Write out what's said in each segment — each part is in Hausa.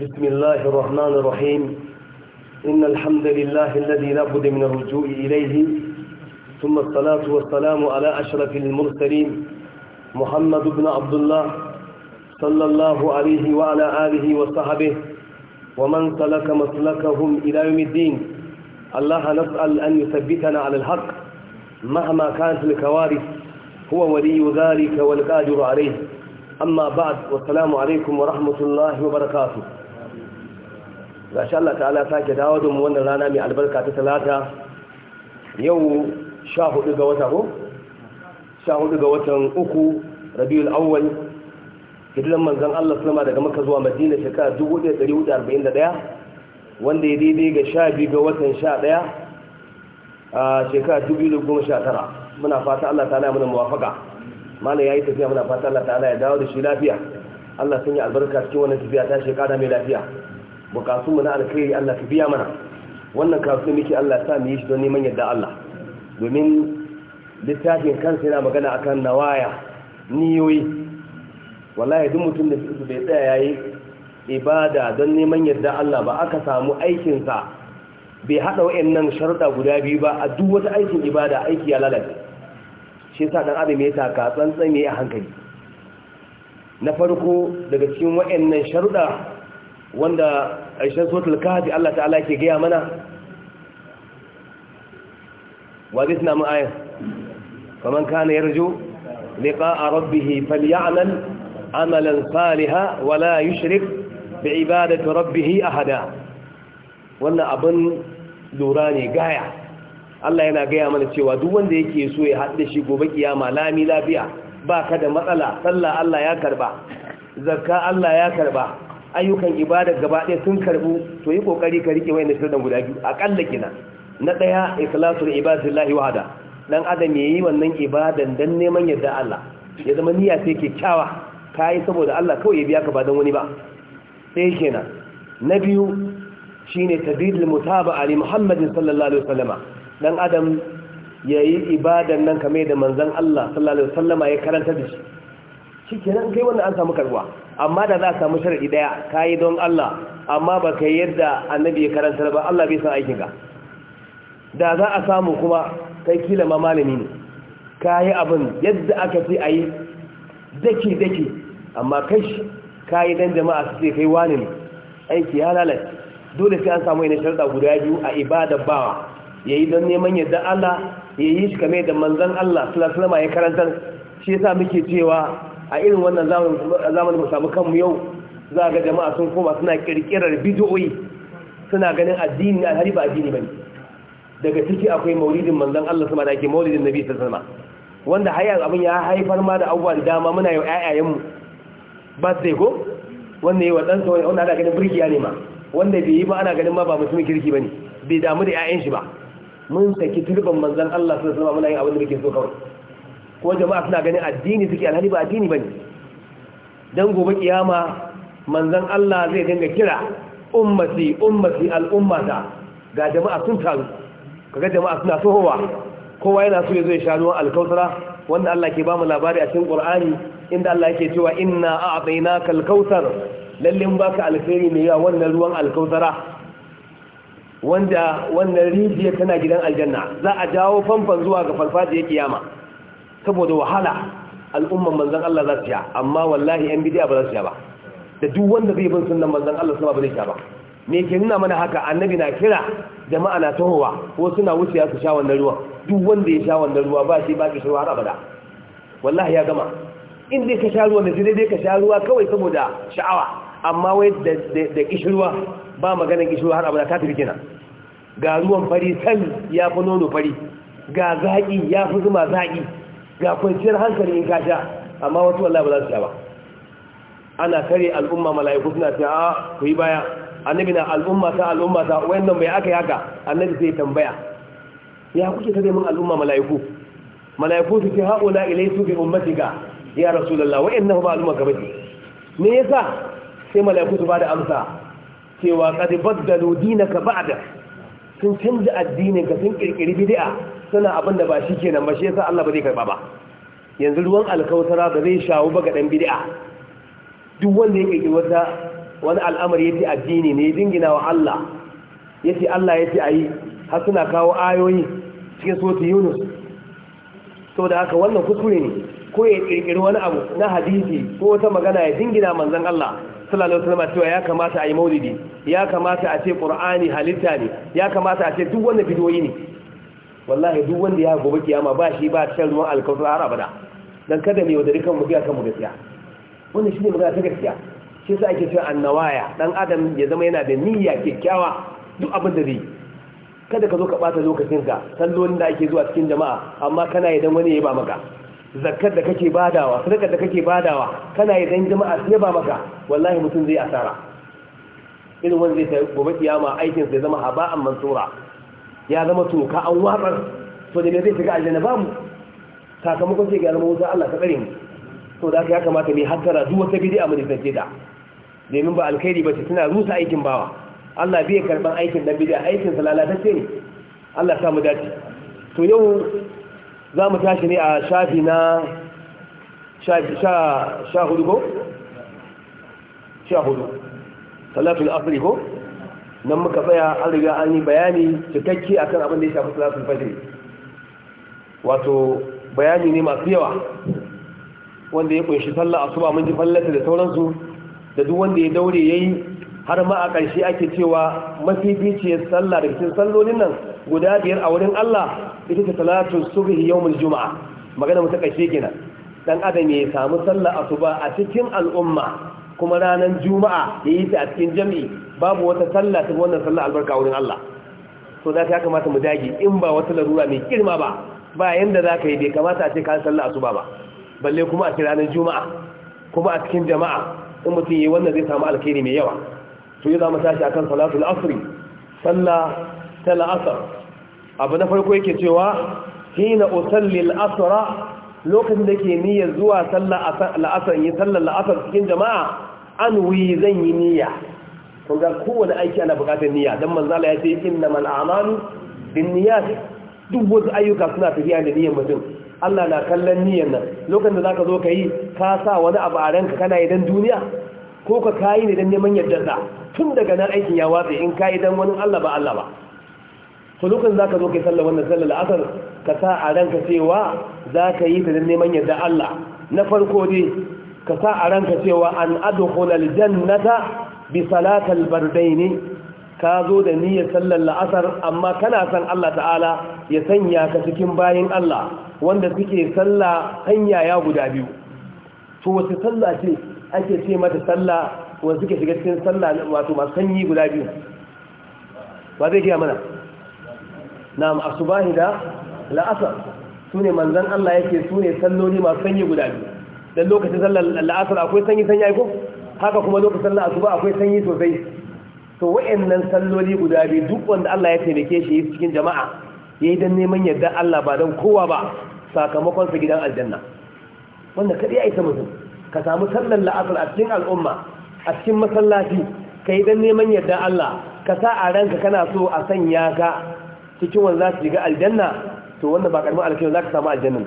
بسم الله الرحمن الرحيم إن الحمد لله الذي لا بد من الرجوع إليه ثم الصلاة والسلام على أشرف المرسلين محمد بن عبد الله صلى الله عليه وعلى آله وصحبه ومن سلك مسلكهم إلى يوم الدين الله نسأل أن يثبتنا على الحق مهما كانت الكوارث هو ولي ذلك والقادر عليه amma ba'd wa salamu alaikum wa rahmatullahi wa barakatuh sha Allah ta'ala sake dawo da mu wannan rana mai albarka ta talata yau 14 ga wata ko 14 ga watan uku rabiul awwal hijiran manzon Allah sallama daga Makka zuwa Madina shekara 1441 wanda ya daidai ga 12 ga watan 11 a shekara 2019 muna fata Allah ta'ala ya mana muwafaka malam yayi tafiya muna fata Allah ta'ala ya dawo da shi lafiya Allah sun yi albarka cikin wannan tafiya ta shekara mai lafiya bukatu mu na alkhairi Allah ka biya mana wannan ne muke Allah ya sa mu yi shi don neman yadda Allah domin littafin kansa yana magana akan nawaya niyoyi wallahi duk mutum da su bai tsaya yayi ibada don neman yadda Allah ba aka samu aikinsa bai hada wa'annan sharuɗa guda biyu ba a duk wata aikin ibada aiki ya lalace shi sa dan adam ya taka tsantsan yayi a hankali na farko daga cikin wayannan sharuɗa wanda aishan suratul kahfi Allah ta'ala ke gaya mana wa zai tuna mu ayat faman kana yarju liqa'a fal falyamal amalan saliha wala yushrik bi ibadati rabbih ahada wannan abin lura ne gaya Allah yana gaya mana cewa duk wanda yake so ya haɗu da shi gobe kiyama lami lafiya ba ka da matsala sallah Allah ya karba zakka Allah ya karba ayyukan ibada gaba ɗaya sun karbu to yi kokari ka rike wayannan sirrin guda biyu kalla kina na daya ikhlasul ibadillahi wahda dan adam yayi wannan ibadan dan neman yadda Allah ya zama niyya sai kyakkyawa kai saboda Allah kawai ya biya ka ba dan wani ba sai kenan na biyu shine tadidul mutaba'a li Muhammadin sallallahu alaihi wasallama dan adam ya yi ibadan nan kame da manzan Allah sallallahu alaihi ya karanta da shi shi kenan kai wannan an samu karbuwa amma da za a samu sharadi daya kayi don Allah amma ba kai yadda annabi ya karanta ba Allah bai san aikin ka da za a samu kuma kai kila ma malami ne kayi abin yadda aka fi ayi daki daki amma kai shi yi dan jama'a su ce kai wani ne aiki ya lalace dole sai an samu ina sharda guda biyu a ibada bawa ya yi don neman yadda Allah ya yi shi kame da manzan Allah sulasulama ya karantar shi sa muke cewa a irin wannan zamanin mu samu kanmu yau za ga jama'a sun koma suna kirkirar bidiyoyi suna ganin addini alhari ba addini bane daga ciki akwai maulidin manzan Allah sama da ake maulidin nabi sallama wanda hayan abin ya haifar ma da abubuwa da dama muna yau ƴaƴayenmu ba sai ko wanda yi wa ɗansa wani wanda ana ganin birki ne ma wanda bai yi ba ana ganin ma ba mutumin kirki ba ne bai damu da 'ya'yan shi ba mun saki turban manzan Allah su zama muna yin abin da muke so kawai ko jama'a suna ganin addini suke alhali ba addini bane dan gobe kiyama manzan Allah zai dinga kira ummati ummati al'ummata ga jama'a sun taru kaga jama'a suna sohowa kowa yana so ya zo ya sha ruwan alkautara wanda Allah ke ba mu labari a cikin Qur'ani inda Allah yake cewa inna a'tainaka al-kautsar lallin baka alkhairi ne ya wannan ruwan alkautara wanda wannan rijiya tana gidan aljanna za a jawo famfan zuwa ga farfajiyar kiyama saboda wahala al'umman manzon Allah za su sha amma wallahi yan bidiya ba za su sha ba da duk wanda zai bin sunnan manzon Allah sama ba zai sha ba me ke nuna mana haka annabi na kira jama'a na tahowa ko suna wuciya su sha wannan ruwan? duk wanda ya sha wannan ruwa ba shi ba ki shirwa abada wallahi ya gama in dai ka sha ruwa ne sai dai ka sha ruwa kawai saboda sha'awa amma wai da kishirwa ba maganin kishirwa har abu da ta tafi kina ga ruwan fari san ya fi nono fari ga zaƙi ya fi zuma zaƙi ga kwanciyar hankali in kasha amma wasu wallah ba za su sha ba ana kare al'umma mala'iku suna ce a ah, ku yi baya annabi na al'umma ta al'umma ta wayannan bai aka yaka annabi sai tambaya ya kuke kare min al'umma mala'iku mala'iku su ce haƙula ilaisu bi ummatika ya rasulullah wayannan ba al'umma ka bace me yasa sai mala'iku su bada amsa cewa kadi baddalu dinaka ba'da sun canza addinin ka sun kirkiri bid'a suna abin da ba shi kenan ba shi yasa Allah ba zai karba ba yanzu ruwan alkautara ba zai shawo ba ga dan bid'a duk wanda ya kirkiri wata wani al'amari yace addini ne dingina wa Allah yace Allah yace ayi har suna kawo ayoyi cikin soti Yunus to da haka wannan kuskure ne ko ya kirkiri wani abu na hadisi ko wata magana ya dingina manzon Allah sallallahu alaihi wasallam cewa ya kamata a yi maulidi ya kamata a ce qur'ani halitta ne ya kamata a ce duk wanda bidoyi ne wallahi duk wanda ya gobe kiyama ba shi ba shan ruwan alkawar har abada dan kada mai wadari kan mu biya kan mu gaskiya wannan shine magana ta gaskiya shi yasa ake cewa annawaya dan adam ya zama yana da niyya kyakkyawa duk abin da zai kada ka zo ka bata lokacin ka sallolin da ake zuwa cikin jama'a amma kana idan wani ya ba maka zakkar da kake badawa sadakar da kake badawa kana yi dan jama'a sai ba maka wallahi mutum zai asara irin wanda zai tayi gobe kiyama aikin sai zama haba'an mansura ya zama toka an watsar to da me zai shiga aljanna babu sakamakon sai ga zama wuta Allah ka tsare mu to da ya kamata mu hattara duk wata bid'a mu da da domin ba alkhairi ba ce tana rusa aikin bawa Allah bai karban aikin dan bid'a aikin sa lalatacce ne Allah sa mu dace to yau za mu tashi ne a shafi na sha hudu ko? sha hudu salatul asiri ko? nan muka tsaya an riga an yi bayani cikakke akan abin da ya shafi salatul fajiri wato bayani ne masu yawa wanda ya kunshi sallah asuba mun ji fallata da sauransu da duk wanda ya daure ya yi. har ma a ƙarshe ake cewa mafificiyar sallah da cikin sallolin nan guda biyar a wurin Allah ita ce salatu subhi yawmul juma'a magana mu ta ƙarshe kenan dan adam ya samu sallah asuba a cikin al'umma kuma ranar juma'a ya yi ta a cikin jami'i babu wata sallah ta wannan sallah albarka wurin Allah so da ya kamata mu dage in ba wata larura mai girma ba ba yanda za ka yi bai kamata a ce ka sallah asuba ba balle kuma a cikin ranar juma'a kuma a cikin jama'a in mutum yi wannan zai samu alkhairi mai yawa su yi za mu tashi kan salatul asri sallah ta la'asar abu na farko yake cewa hina usalli la'asara. lokacin da ke niyyar zuwa sallah, la'asar yi sallar la'asar cikin jama'a an wuyi zan yi niyya kun ga kowane aiki ana bukatar niyya Don manzala ya ce innamal a'malu binniyat duk wasu ayyuka suna tafiya da niyyar mutum Allah na kallon niyyar nan lokacin da ka zo ka yi ka sa wani abu a ranka kana yi don duniya ko ka kayi ne don neman yadda tun daga nan aikin ya watsa in kayi dan wani Allah ba Allah ba to za zaka zo kai sallar wannan sallar asar ka sa a ranka cewa ka yi ta da neman yarda Allah na farko dai ka sa a ranka cewa an adkhula aljannata bi salatal ne. ka zo da niyyar sallar la'asar amma kana san Allah ta'ala ya sanya ka cikin bayan Allah wanda suke salla hanya ya guda biyu to wace salla ce ake ce mata salla wanda suke shiga cikin sallah wato masu sanyi guda biyu ba zai gina mana na asubahi da la'asar su ne manzan Allah yake su ne salloli masu sanyi guda biyu don lokacin sallar la'asar akwai sanyi sanyi aiko haka kuma lokacin la'asu ba akwai sanyi sosai to wa'annan salloli guda biyu duk wanda Allah ya taimake shi cikin jama'a ya yi don neman yadda Allah ba don kowa ba sakamakon sa gidan aljanna wanda kaɗai ya isa mutum ka samu sallar la'asar a cikin al'umma a cikin masallaci ka yi don neman yadda Allah ka sa a ranka kana so a sanya ka cikin wanda za su shiga aljanna to wanda ba karamin alkhairi za ka samu aljanna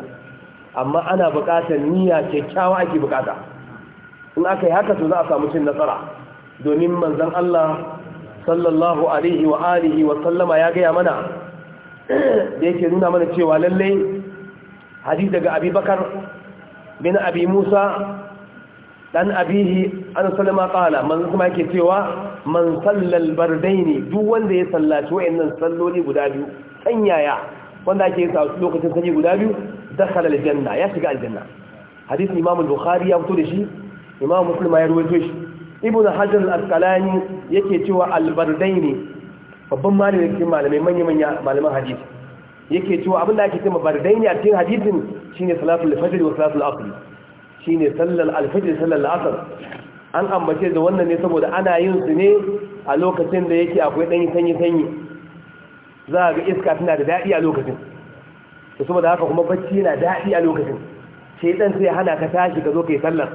amma ana buƙatar niyya kyakkyawa ake buƙata in aka yi haka to za a samu cin nasara domin manzon Allah sallallahu alaihi wa alihi wa sallama ya gaya mana da yake nuna mana cewa lalle hadisi daga Abi Bakar bin Abi Musa dan abihi an salama kala manzan sama yake cewa man sallal bardai ne duk wanda ya sallaci wa'annan salloli guda biyu sanyaya wanda ake sa lokacin sanyi guda biyu da dakhala aljanna ya shiga aljanna hadith imam al-bukhari ya fito da shi imam muslim ya rawaito shi ibnu hajar al-asqalani yake cewa al-bardai ne babban malamin cikin malamai manya manya malaman hadisi yake cewa abinda ake cewa bardai ne a cikin hadisin shine salatul fajr wa salatul asr shine sallal al-fajr sallal al-asr an ambace da wannan ne saboda ana yin su ne a lokacin da yake akwai ɗanyi sanyi-sanyi za a ga iska tana da daɗi a lokacin da saboda haka kuma bacci yana daɗi a lokacin ɗan sai hana ka tashi ka zo ka yi sallar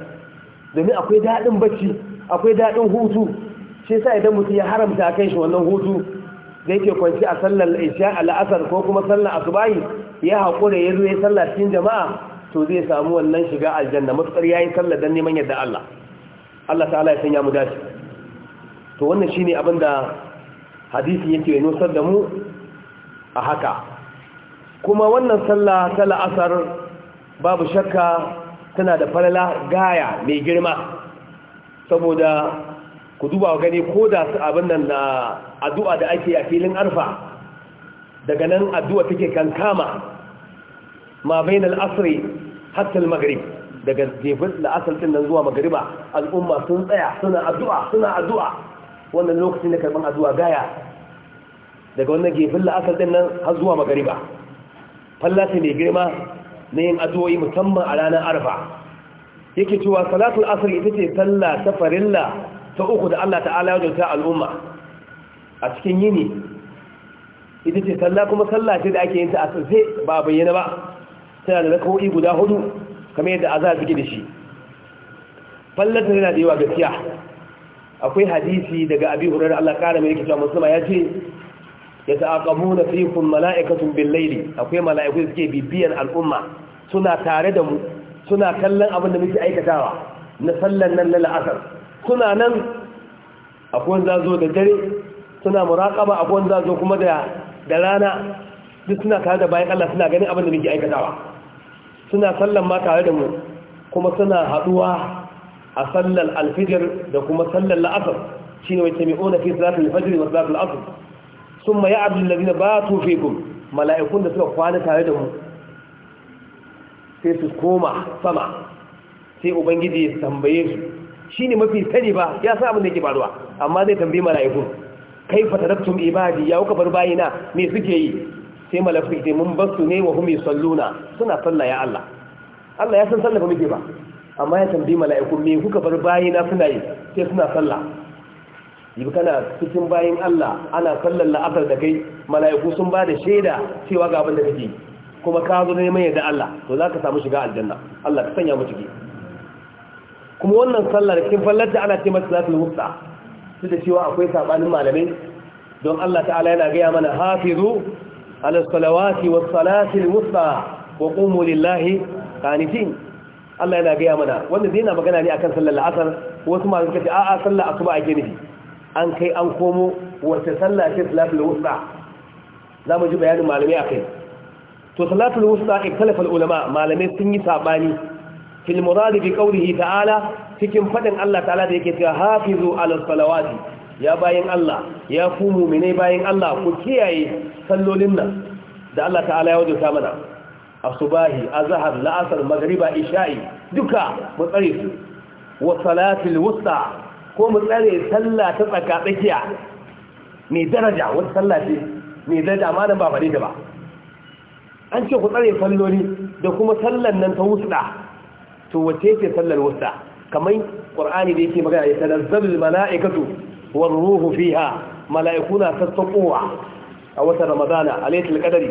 domin akwai daɗin bacci akwai daɗin hutu shi sa idan mutum ya haramta kai shi wannan hutu da yake kwanci a sallar isha a la'asar ko kuma sallar asubahi ya haƙura ya zo ya sallar cikin jama'a to zai samu wannan shiga aljanna matuƙar ya yi sallar don neman yadda Allah Allah ta'ala ya sanya mu dace to wannan shine abin da hadisi yake nusar da mu a haka kuma wannan sallah ta la'asar babu shakka tana da falala gaya mai girma saboda ku duba gani ko da abin nan na addu'a da ake a filin arfa daga nan addu'a take kankama ma bainal asri hatta al-maghrib daga jefin la'asar din nan zuwa magariba al'umma sun tsaya suna addu'a suna addu'a wannan lokacin da karban addu'a gaya daga wannan gefen la'asar din nan har zuwa magariba fallace mai girma na yin addu'o'i musamman a ranar arfa yake cewa salatul asr ita ce sallah ta farilla ta uku da Allah ta'ala ya jauta al'umma a cikin yini ita ce sallah kuma sallah ce da ake yin ta a sai ba bayyana ba tana da rakawo'i guda hudu kamar yadda azhar suke da shi fallata yana da yawa gaskiya akwai hadisi daga abi hurairah Allah kara mai yake cewa musulma ya ce ya na fikum mala'ikatun bil layli akwai mala'iku suke bibiyan al'umma suna tare da mu suna kallon abin da muke aikatawa na sallan nan lalla asar suna nan akwai wanda zo da dare suna muraqaba akwai wanda zo kuma da da rana duk suna tare da bayan Allah suna ganin abin da muke aikatawa suna sallan ma tare da mu kuma suna haduwa a sallar alfijir da kuma sallar la'asar shi ne wacce mi'ona fi salatul fajr wa salatul asr summa ya'budu allazina batu fikum mala'ikun da suka kwana tare da mu sai su koma sama sai ubangiji ya tambaye su Shi ne mafi sani ba ya sa abin da yake faruwa amma zai tambayi mala'ikun kai taraktum ibadi ya kuka bar bayina me suke yi sai malafi mun basu ne wa humi salluna suna salla ya Allah Allah ya san salla ba muke ba amma ya tambayi mala'iku me kuka bar bayina suna yi sai suna salla, yi kana cikin bayin Allah ana sallar la'asar da kai mala'iku sun ba da shaida cewa ga abin da kake kuma ka zo neman yadda Allah to za samu shiga aljanna Allah ka sanya mu ciki kuma wannan sallar kin fallata ana cewa salatul wusta su da cewa akwai sabanin malamai don Allah ta'ala yana gaya mana hafizu على الصلوات والصلاة الوسطى وقوموا لله قانتين Allah yana gaya mana wanda zai na magana ne akan sallar la'asar wasu masu suka ce a a sallar asuba ake nufi an kai an komo wace sallah ce salatul wusta za mu ji bayanin malamai a kai to salatul wusta ikhtalafa ulama malamai sun yi sabani fil murad bi qawlihi ta'ala cikin fadin Allah ta'ala da yake cewa hafizu ala salawati ya bayan Allah ya ku mu'mine bayan Allah ku kiyaye sallolin nan da Allah ta'ala ya wajauta mana asubahi azhar la'asar magriba isha'i duka mu tsare su wa salatil wusta ko mu tsare sallah ta tsaka tsakiya daraja wata sallah ce mai daraja ma nan ba fare da ba an ce ku tsare salloli da kuma sallan nan ta wusta to wace ce sallar wusta kamar qur'ani da yake magana ya tanazzalul mala'ikatu war ruhu fiha mala'iku na sassaƙowa a watan ramadana a laitul qadari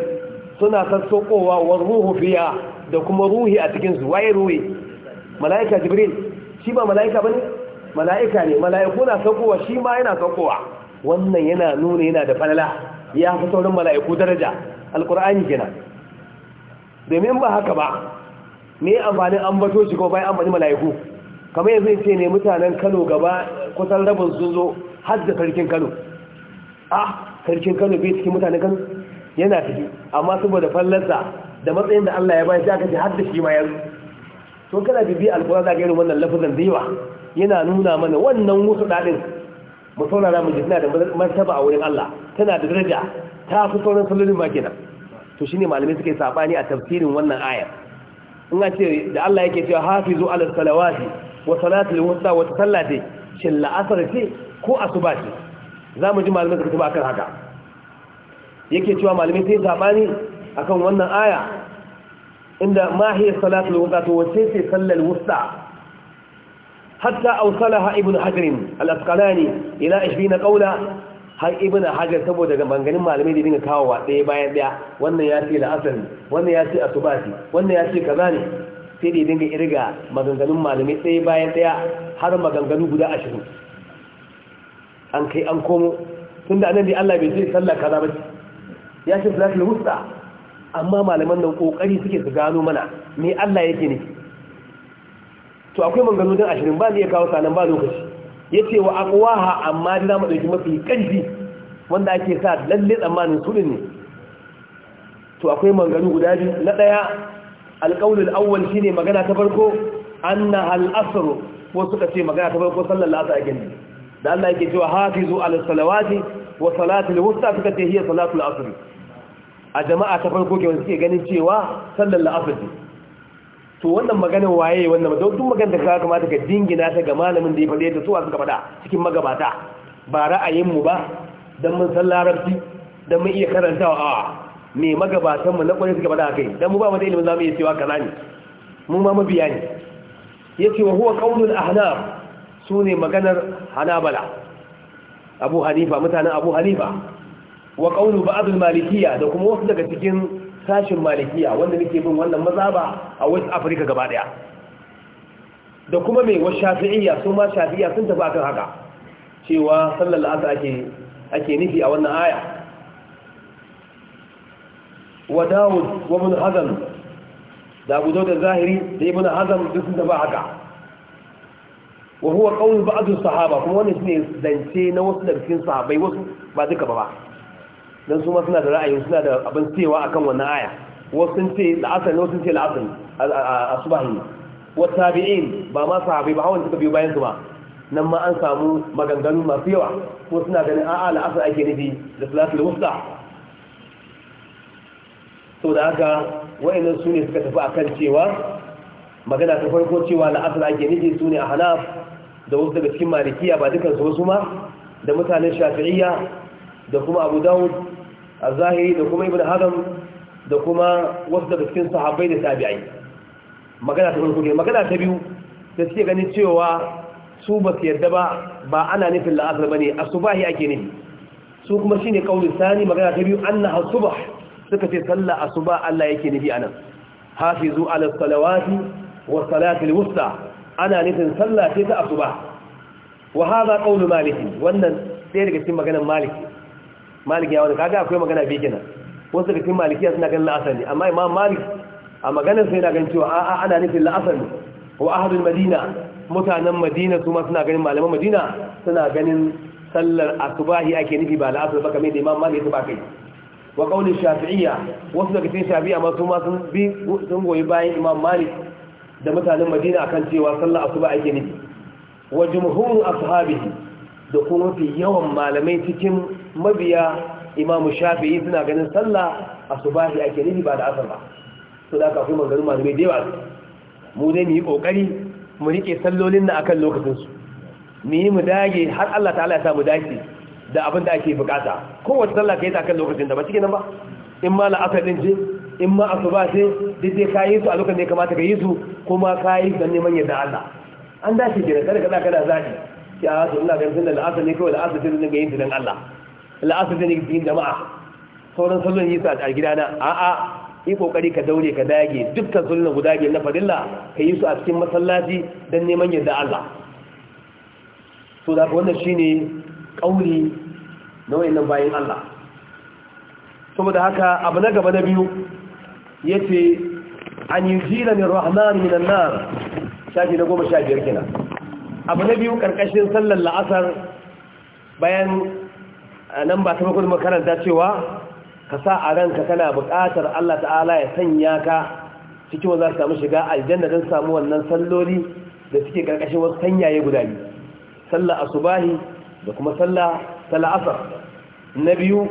suna sassaƙowa war ruhu fiya da kuma ruhi a cikin su waye ruhi mala'ika jibril shi ba mala'ika ba ne? mala'ika ne mala'iku na sassaƙowa shi ma yana sassaƙowa wannan yana nuna yana da falala ya fi saurin mala'iku daraja alqur'ani gina. domin ba haka ba ne amfanin ambato shi ko bayan amfani mala'iku kamar yanzu ce ne mutanen Kano gaba kusan rabin sun zo har da sarkin kano ah sarkin kano bai cikin mutanen kano yana fiye amma saboda fallarsa da matsayin da Allah ya bayan sai aka ce har da shi ma yanzu to kana bibi alƙura za ka irin wannan lafazan da yawa yana nuna mana wannan wasu daɗin, mu saurara mu jisna da martaba a wurin Allah tana da daraja ta fi sauran sallolin ba kenan to shine malamai suka yi sabani a tafsirin wannan ayar in a ce da Allah yake cewa hafizu ala salawati wa salatul wusta wa sallati shin la'asar ce ko asuba ce za mu ji malamai suka tuba akan haka yake cewa malamai sai zabani akan wannan aya inda ma hiya salatul wusta to wace ce sallal wusta hatta awsalaha ibn hajar al-asqalani ila 20 qawla har ibn hajar saboda ga banganin malamai da dinga kawo wa ɗaya bayan daya wannan ya ce la'asar wannan ya ce asubati wannan ya ce kaza ne sai da dinga irga maganganun malamai daya bayan daya har maganganu guda ashirin an kai an komo tunda annabi Allah bai ce sallah kaza ba ya ce salatul wusta amma malaman nan kokari suke su gano mana me Allah yake ne to akwai mangano dan 20 ba zai kawo sanan ba lokaci yace wa aqwaha amma da mu dauki mafi kanji wanda ake sa lalle tsammanin su ne to akwai mangano guda biyu na daya alqaulul awwal shine magana ta farko anna al asr wasu kace magana ta farko sallallahu alaihi wasallam da Allah yake cewa hafizu ala salawati wa al wusta suka ce hiya Al asr a jama'a ta farko ke wanda suke ganin cewa sallar la'asr to wannan maganar waye wannan da duk maganar da ka kamata ka dingina ta ga malamin da ya fade ta suwa suka fada cikin magabata ba ra'ayin mu ba dan mun san larabci dan mun iya karantawa a me magabatan mu na kwarai suka fada kai dan mu ba mu da ilimin zamu iya cewa kaza ne mu ma mabiya ne yace wa huwa qaulul ahnaf su ne maganar hanabala abu hanifa mutanen abu hanifa wa ƙaunu ba'adul malikiya da kuma wasu daga cikin sashin malikiya wanda nake bin wannan mazaba a west africa gaba daya da kuma mai wasu shafi'iyya su ma shafi'iyya sun tafi akan haka cewa sallar la'asa ake ake nufi a wannan aya wa dawud wa ibn da abu dawud zahiri da ibn hazan duk sun tafi haka wa huwa qawl ba'd sahaba kuma wannan shine zance na wasu daga cikin sahabbai wasu ba duka ba ba dan su ma suna da ra'ayi suna da abin cewa akan wannan aya wasu sun ce la'asr ne wasu sun ce la'asr asbahi wa tabi'in ba ma sahabbai ba hawan suka biyo bayan su ba nan ma an samu maganganu masu yawa ko suna ganin a'a la'asar ake nufi da da wusta sau da haka wa'annan su ne suka tafi akan cewa magana ta farko cewa la'asar ake nufi su ne a hanaf da wasu daga cikin malikiya ba dukkan su wasu ma da mutanen shafi'iyya da kuma abu dawud a zahiri da kuma ibn haram da kuma wasu daga cikin sahabbai da tabi'ai magana ta farko ne magana ta biyu da suke ganin cewa su ba su yarda ba ba ana nufin la'asar ba ne asubahi ake nufi su kuma shine kauli sani magana ta biyu annaha subah suka ce sallah asuba Allah yake nufi anan hafizu ala salawati wa salatul wusta ana nufin sallah ce ta asuba wa hadha malik wannan sai daga cikin maganar malik malik ya wani kaga akwai magana bi kenan wasu daga cikin malikiya suna ganin la'asar ne amma imam malik a maganar sai na gan cewa a'a ana nufin la'asar ne wa ahadul madina mutanen madina su ma suna ganin malaman madina suna ganin sallar asubahi ake nufi ba la'asar ba kamar da imam malik ya ba kai wa qaulin shafi'iyya wasu daga cikin shafi'iyya ma su ma sun sun goyi bayan imam malik da mutanen madina akan cewa sallah asuba ake nufi wa jumhurun ashabihi da kuma mafi yawan malamai cikin mabiya imamu shafi'i suna ganin sallah asuba shi ake nufi ba da asar ba to da aka fi maganganun malamai da yawa mu dai mu yi kokari mu rike sallolin na akan lokacin su mu yi mu dage har Allah ta'ala ya sa mu dace da abin da ake bukata kowace sallah kai ta akan lokacin da ba cikin nan ba in ma la'asar din ce in ma ba sai, duk ka yi su a lokacin da ya kamata ka yi su kuma ka yi don neman yadda Allah an dace kenan kada kada kada zaɗi. ki a ah, wasu ina ganin da la'asar ne kawai la'asar sai ga yin dan Allah la'asar sai ga yin jama'a sauran sallon yi su a gidana a'a yi kokari ka daure ka dage dukkan sallon guda biyar na fadilla ka yi su a cikin masallaci don neman yadda Allah so da wannan shine kauri, na wayannan bayin Allah saboda haka abu na gaba na biyu yace an yujira min rahman min annar shaji shafi na goma sha biyar abu na biyu karkashin sallar la'asar bayan nan ba ta bakon makaranta cewa ka sa a ranka kana bukatar Allah ta'ala ya sanya ka cikin wanda samu shiga aljanna don samu wannan salloli da suke karkashin wasu sanyaye guda biyu sallar asubahi da kuma sallar ta la'asar na biyu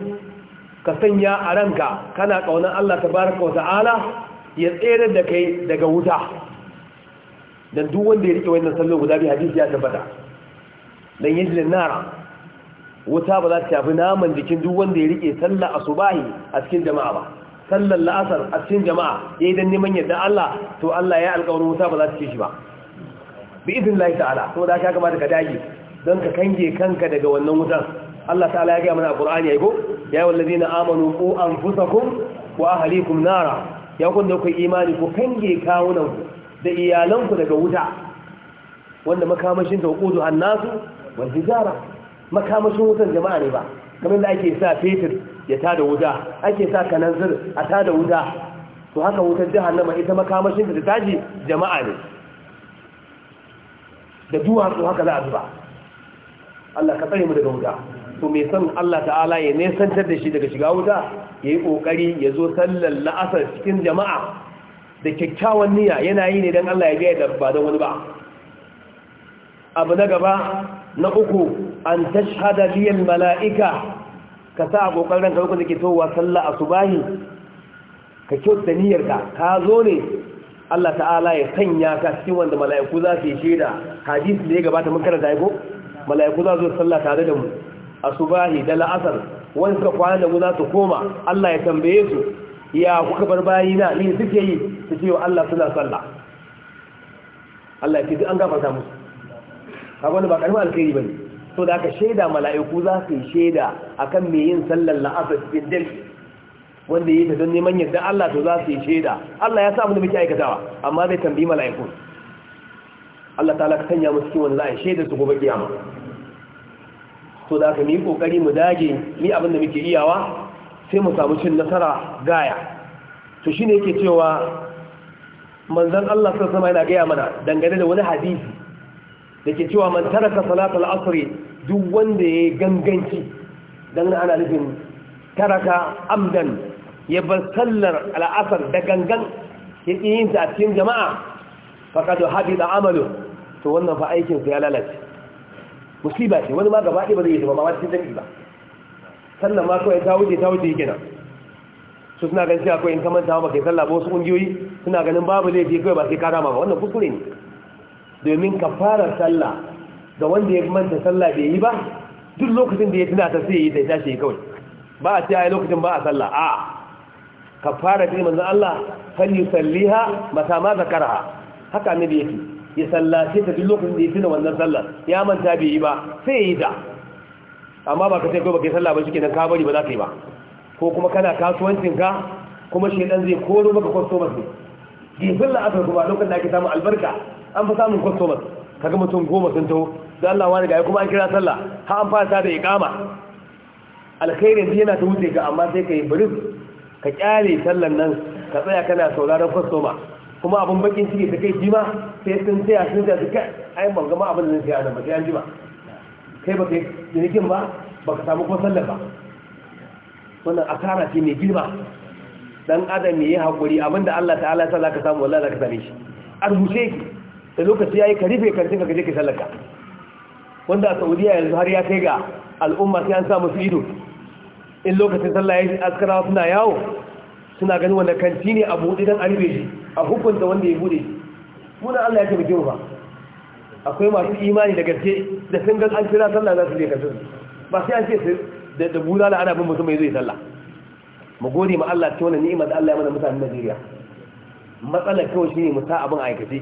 ka sanya a ranka kana ƙaunar Allah tabaraka wa ta'ala ya tsere da kai daga wuta dan duk wanda ya rike wannan sallo guda biyu hadisi ya tabbata dan yajlin nara wuta ba za ta tafi naman jikin duk wanda ya rike sallah asubahi a cikin jama'a ba sallar la'asar a cikin jama'a yayin dan neman yadda Allah to Allah ya alƙawarin wuta ba za ta ci shi ba bi idin Allah ta'ala to da ka kamata ka dage don ka kange kanka daga wannan wutan Allah ta'ala ya gaya mana a Qur'ani yi go ya ayyuhal ladina amanu qu anfusakum wa ahlikum nara ya kun da ku imani ku kange kawunan ku da iyalan ku daga wuta wanda makamashin ta tawqudu annasu wal hijara makamashin wutan jama'a ne ba kamar da ake sa fetur ya tada wuta ake sa kananzir a tada wuta to haka wutar jahannama ita makamashin da taji jama'a ne da duwatsu haka za a zuba Allah ka tsare mu daga wuta to mai son Allah ta'ala ya nesantar da shi daga shiga wuta ya yi ƙoƙari ya zo sallar la'asar cikin jama'a da kyakkyawan niyya yana yi ne don Allah ya biya da ba don wani ba abu na gaba na uku an tashhada biyan mala'ika ka sa a ƙoƙarin ka da ke towa sallah a subahi ka kyauta niyyarka ka zo ne Allah ta'ala ya sanya ka cikin wanda mala'iku za su yi shaida hadisi ne ya gabata mun karanta ya ko mala'iku za su sallah tare da mu asubahi da la'asar wani suka kwana da mu su koma Allah ya tambaye su ya kuka bar bayi na ni suke yi su ce wa Allah suna sallah Allah ya ce an gafarta musu wani ba karamin alkhairi ne so da aka shaida mala'iku za su yi shaida akan mai yin sallar la'asar cikin dalili wanda ya yi ta don neman yadda Allah to za su yi shaida Allah ya samu da muke aikatawa amma zai tambayi mala'iku Allah ta'ala ka sanya mu cikin wanda za a shaida su gobe kiyama to da aka yi kokari mu dage ni abin da muke iyawa sai mu samu cin nasara gaya to shine yake cewa manzon Allah sallallahu alaihi wasallam yana gaya mana dangane da wani hadisi dake cewa man taraka salatul asr duk wanda ya ganganci dan ana nufin taraka amdan ya bar sallar al'asar da gangan ya yin ta a cikin jama'a faqad habida amalu to wannan fa aikin sa ya lalace musiba ce wani ma gaba ɗaya ba zai yi ba wata cikin jami'i ba sannan ma kawai ta wuce ta wuce gina su suna gan cewa kawai in ka manta maka sallah ba wasu ƙungiyoyi suna ganin babu laifi kawai ba sai ka rama ba wannan kuskure ne domin ka fara sallah da wanda ya manta sallah bai yi ba duk lokacin da ya tuna ta sai ya yi ta tashi kawai ba a cewa lokacin ba a sallah a ka fara ta manzan Allah falli salliha mata ma zakara haka ne da yake ya sallace ta duk lokacin da ya tuna wannan sallar ya manta bai yi ba sai ya yi ta amma ba ka sai kai ba kai sallah ba shi shikenan ka bari ba za ka yi ba ko kuma kana kasuwancinka ka kuma dan zai koro maka customers ne gifin la'asar kuma lokacin da ake samun albarka an fi samun Ka kaga mutum goma sun taho da Allah wani gaya kuma an kira sallah ha an fasa da iqama alkhairin yana ta wuce ga amma sai kai bari ka kyale sallan nan ka tsaya kana sauraron customer kuma abin bakin ciki ta kai jima sai sun tsaya sun tsaya duka a ban gama abin da zan tsaya nan ba sai an jima kai ba kai jirgin ba ba ka samu ko sallar ba wannan kara ce mai girma dan adam ya yi abin abinda Allah ta'ala ya sa ka samu za ka same shi a rubuce ki da lokaci yayi ka rufe ka tinka kaje ka sallaka wanda a Saudiya yanzu har ya kai ga al'umma sai an sa musu ido in lokacin sallah yi askarawa suna yawo suna ganin wanda kanti ne a buɗe don an shi a hukunta wanda ya buɗe muna Allah ya ce bikin ba akwai masu imani da gaske da sun gan an kira sallah za su je kasu ba sai an ce su da bula da ana bin mutum mai zai sallah mu gode ma Allah ta wani ni'imar da Allah ya mana mutanen Najeriya matsalar kawai shine mu sa abin aikace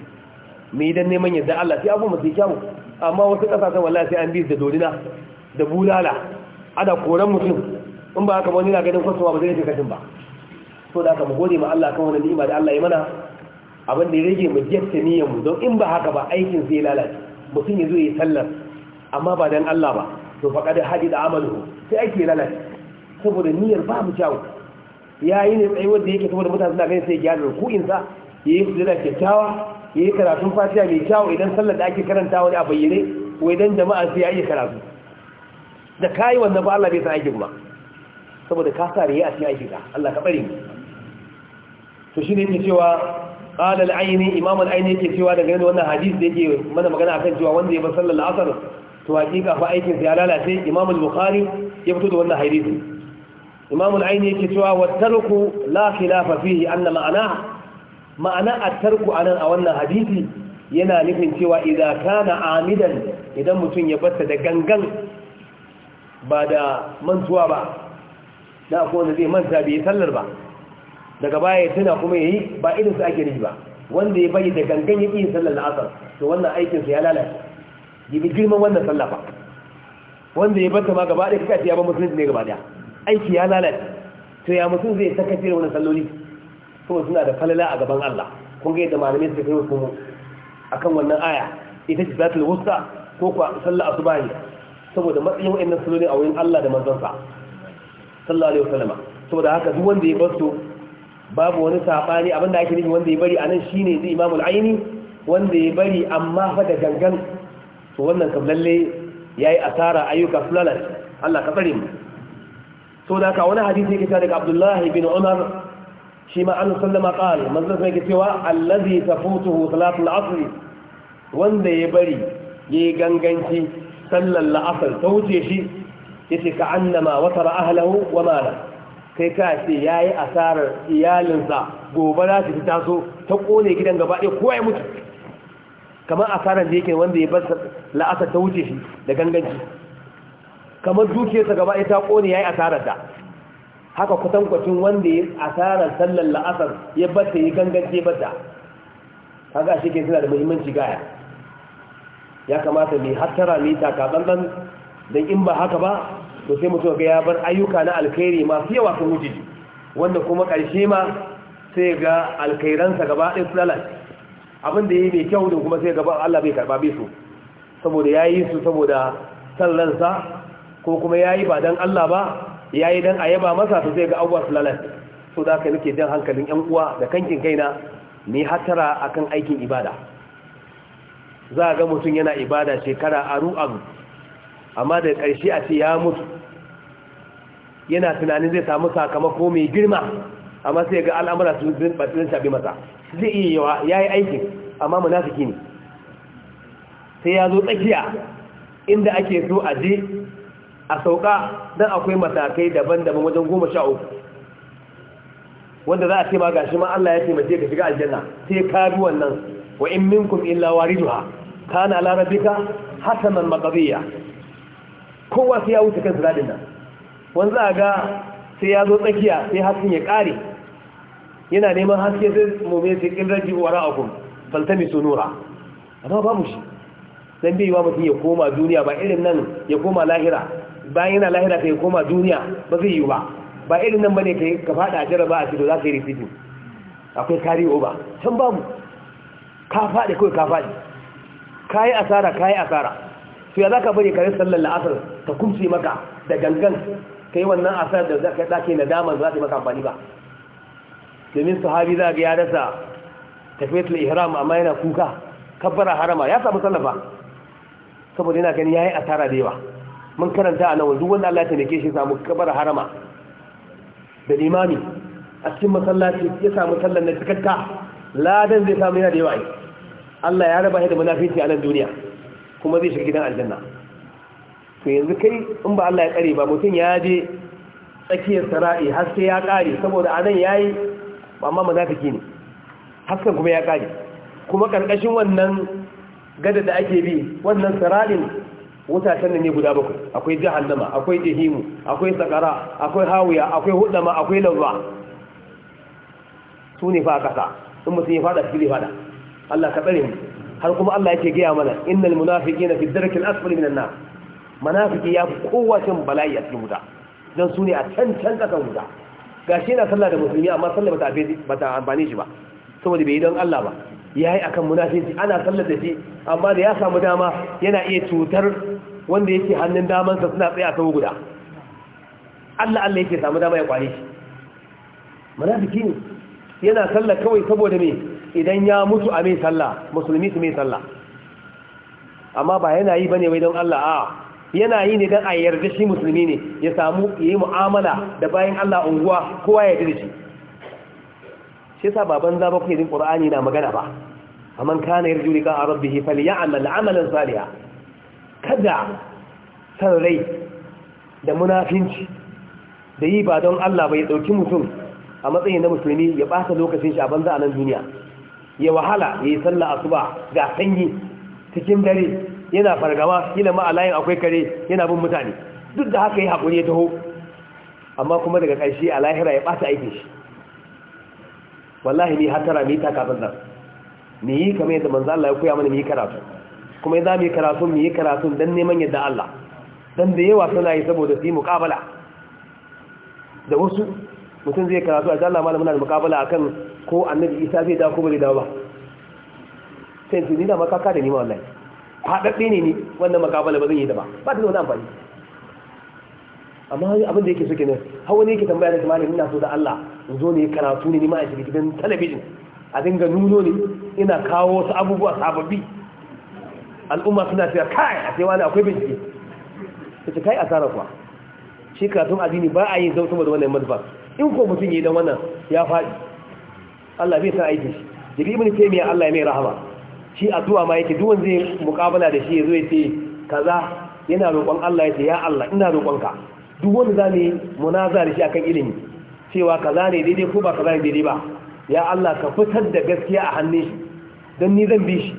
mu yi dan neman yadda Allah sai abin mu kyau amma wasu kasashen wallahi sai an bi da dorina da bulala ana koran mutum in ba haka ba wani na ganin kwasuwa ba zai yi kashin ba so da aka mu gode ma Allah kan wani ni'ima da Allah ya mana abin da ya rage mu jiyarta niyyar mu don in ba haka ba aikin zai lalace mutum ya zo ya sallar amma ba dan Allah ba to fa kada hadi da amalu sai ake lalace saboda niyyar ba mu kyawu yayi ne tsayuwar da yake saboda mutane suna ganin sai gyara ruku'in sa yayi sujada kyakkyawa yayi karatun fatiha mai kyawu idan sallar da ake karanta wani a bayyane wai dan jama'a sai ya iya karatu da kai wannan ba Allah bai san aikin ba saboda ka sare ya a cikin aikin ka Allah ka bari mu to shine yake cewa قال العيني امام العيني yake cewa daga yanda wannan hadisi da yake mana magana akan cewa wanda ya bar sallar asar to hakika fa aikin sa ya lalace imam al-bukhari ya fito da wannan hadisi imam al-aini yake cewa wa tarku la khilafa fihi anna ma'ana ma'ana at-tarku anan a wannan hadisi yana nufin cewa idza kana amidan idan mutum ya batta da gangan ba da mantuwa ba da akwai wanda zai manta bai sallar ba daga baya ya tuna kuma yayi ba irin su ake nufi ba wanda ya bayyana gangan yake yin sallar asar to wannan aikin sa ya lalace gibi girman wannan sallah ba wanda ya bata ma gaba ɗaya kaka ya ba musulunci ne gaba ɗaya aiki ya lalace to ya mutum zai sakace wannan salloli to suna da falala a gaban Allah kun ga yadda malamai suka kai hukumu akan wannan aya ita ce zatul wusta ko kuwa sallar asubahi ne saboda matsayin wa'annan salloli a wurin Allah da manzon sa sallallahu alaihi wasallam saboda haka duk wanda ya bar su babu wani sabani abinda ake nufi wanda ya bari anan shine zai imamul aini wanda ya bari amma fa da gangan to wannan kam lalle yayi asara ayyuka fulalat Allah ka tsare mu to da ka wani hadisi yake ta daga Abdullah ibn Umar shi ma an sallama qal manzo sai yake cewa allazi tafutuhu salatul asr wanda ya bari yayi ganganci sallar la'asar ta wuce shi yace ka annama watara ahlahu wa mala kai ka ce ya yi asarar iyalinsa gobe za su fi taso ta kone gidan gaba ɗaya kowa ya mutu kamar asarar da yake wanda ya basa la'asar ta wuce shi da ganganci kamar dukiyarsa gaba ɗaya ta kone ya yi asarar ta haka kwatankwacin wanda ya asarar sallar la'asar ya bata ya gangance basa haka shi ke suna da muhimmanci gaya ya kamata mai hattara mai takaɓanɗan don in ba haka ba to sai mutum ga ya bar ayyuka na alkhairi masu yawa sun wuce wanda kuma karshe ma sai ga alkhairansa gaba ɗin lalace abin da yi mai kyau din kuma sai gaba Allah bai karba bai su saboda ya yi su saboda sallan sa ko kuma ya yi ba don Allah ba ya yi don a yaba masa su sai ga abubuwa su lalace so da nake jan hankalin yan uwa da kankin kaina ni hatara akan aikin ibada za a ga mutum yana ibada shekara aru aru amma da ƙarshe a ce ya mutu yana tunanin zai samu sakamako mai girma amma sai ga al'amura su batun shaɓi masa zai iya yawa ya yi aikin amma nasu ne sai ya zo tsakiya inda ake so a je a sauka don akwai matakai daban-daban wajen goma sha uku wanda za a ce ma gashi ma Allah ya taimake ka shiga aljanna sai ka bi wannan wa in minkum illa waridha kana larabika rabbika hasanan maqdiya kowa sai ya wuce kan siradin nan wani za a ga sai ya zo tsakiya sai hasken ya ƙare yana neman haske sai mummai sai ƙin raji wa ra'akun faltami su nura amma babu shi don bai wa mutum ya koma duniya ba irin nan ya koma lahira bayan yana lahira ka ya koma duniya ba zai yi ba ba irin nan bane kai ka fada ba a cikin za ka yi rikici akwai kari ba can babu ka faɗi kawai ka faɗi ka yi asara ka yi asara to ya ka bari kare sallar la'asar ta kumce maka da gangan ka yi wannan asar da za zaka na damar za ta maka amfani ba domin sahabi za ga ya rasa tafiyatul ihram amma yana kuka kabbara harama ya samu sallafa ba saboda yana gani ya yi asara da yawa mun karanta a nan duk wanda Allah ya taimake shi samu kabbara harama da imami a cikin masallaci ya samu sallar na cikakka ladan zai samu yana da yawa Allah ya raba shi da munafiki a nan duniya kuma zai shiga gidan aljanna to yanzu kai in ba Allah ya kare ba mutum ya je tsakiyar sara'i haske ya kare saboda anan yayi amma munafiki ne hasken kuma ya kare kuma karkashin wannan gada da ake bi wannan sara'in san ne guda bakwai akwai jahannama akwai jahimu akwai sakara akwai hawiya akwai hudama akwai lawa su ne fa kasa in mutum ya fada zai fada Allah ka tsare mu har kuma Allah yake gaya mana innal munafiqina fi ddarkil asfali minan nar munafiki ya cin bala'i a cikin wuta dan sune a can can kasan wuta gashi yana sallah da musulmi amma sallah bata bata amfane shi ba saboda bai don Allah ba yayi akan munafiki ana sallar da shi amma da ya samu dama yana iya cutar wanda yake hannun damansa suna tsaye a guda Allah Allah yake samu dama ya kwaye shi munafiki ne yana sallar kawai saboda me idan ya mutu a mai sallah musulmi su mai sallah amma ba yana yi bane wai don Allah a yana yi ne don a yarda shi musulmi ne ya samu yi mu'amala da bayan Allah unguwa kowa ya yarda shi sa baban za ba ku na magana ba amman kana yarju lika ya falyamal amalan salihan kada san rai da munafinci da yi ba don Allah bai dauki mutum a matsayin na musulmi ya ɓata lokacin shi a banza a nan duniya ya wahala ya yi sallah asuba ga sanyi cikin dare yana fargama yana ma a layin akwai kare yana bin mutane duk da haka ya haƙuri ya taho amma kuma daga ƙarshe a lahira ya ɓata aikin shi wallahi ne hatara mu yi kafin nan mu yi kamar yadda manzan Allah ya koya mana mu yi karatu kuma ya mu yi karatu mu yi karatu don neman yadda Allah don da yawa suna yi saboda su yi muƙabala da wasu mutum zai karatu a jalla malamin da mukabala akan ko annabi isa zai dawo ko bai dawo ba sai tuni da makaka da ni ma wallahi fadadde ne ni wannan mukabala ba zan yi da ba ba ta da wani amfani amma abin da yake so kenan hawa ne yake tambaya da malamin ina so da Allah in zo ne karatu ne ni ma a shiga gidan talabijin a dinga nuno ne ina kawo wasu abubuwa sababbi al'umma suna cewa kai a cewa ne akwai bincike ta ce kai asara kuwa shi karatun addini ba a yi zautu da wannan manufa in ko mutum yi don wannan ya faɗi Allah bai san aikin shi daga ibn taymiya Allah ya mai rahama shi addu'a ma yake duwan zai da shi ya zo ya ce kaza yana roƙon Allah ya ce ya Allah ina roƙonka duk wanda za ne munaza da shi akan ilimi cewa kaza ne daidai ko ba kaza ne daidai ba ya Allah ka fitar da gaskiya a hannun shi don ni zan bi shi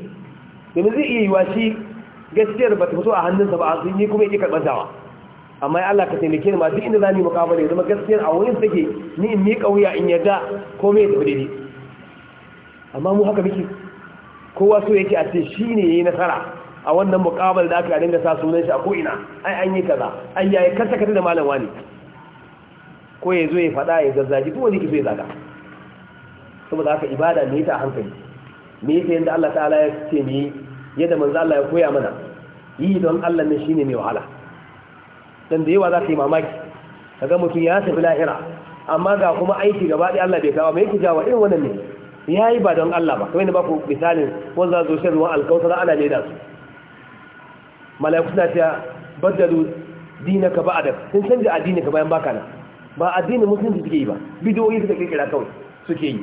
domin zai iya yiwa shi gaskiyar ba ta fito a hannunsa ba a ni kuma ya ƙi karɓar amma Allah ka taimake ni ma duk inda zamu mukabala zama gaskiya a wurin take ni in miƙa wuya in yadda komai ya tafi daidai amma mu haka muke kowa so yake a ce shine yayi nasara a wannan mukabal da aka dinga sa sunan shi a ko ina ai an yi kaza ai yayi kasa kasa da malam wani ko ya zo ya faɗa ya zazzaji duk wani ke so ya zaga saboda haka ibada ne ta hankali me yake yanda Allah ta'ala ya ce ni yadda manzo Allah ya koya mana yi don Allah ne shine mai wahala dan da yawa za ka yi mamaki Ka ga mutum ya tafi lahira amma ga kuma aiki gaba ɗaya Allah bai kawo mai yake jawo irin wannan ne ya yi ba don Allah ba kamar yadda ba ku misalin wanda za su shan ruwan alkawtar ana ne da su mala'iku suna cewa baddalu ka ba adab sun canja addini ka bayan baka nan ba addini musulunci suke yi ba bidiyoyi suka kirkira kawai suke yi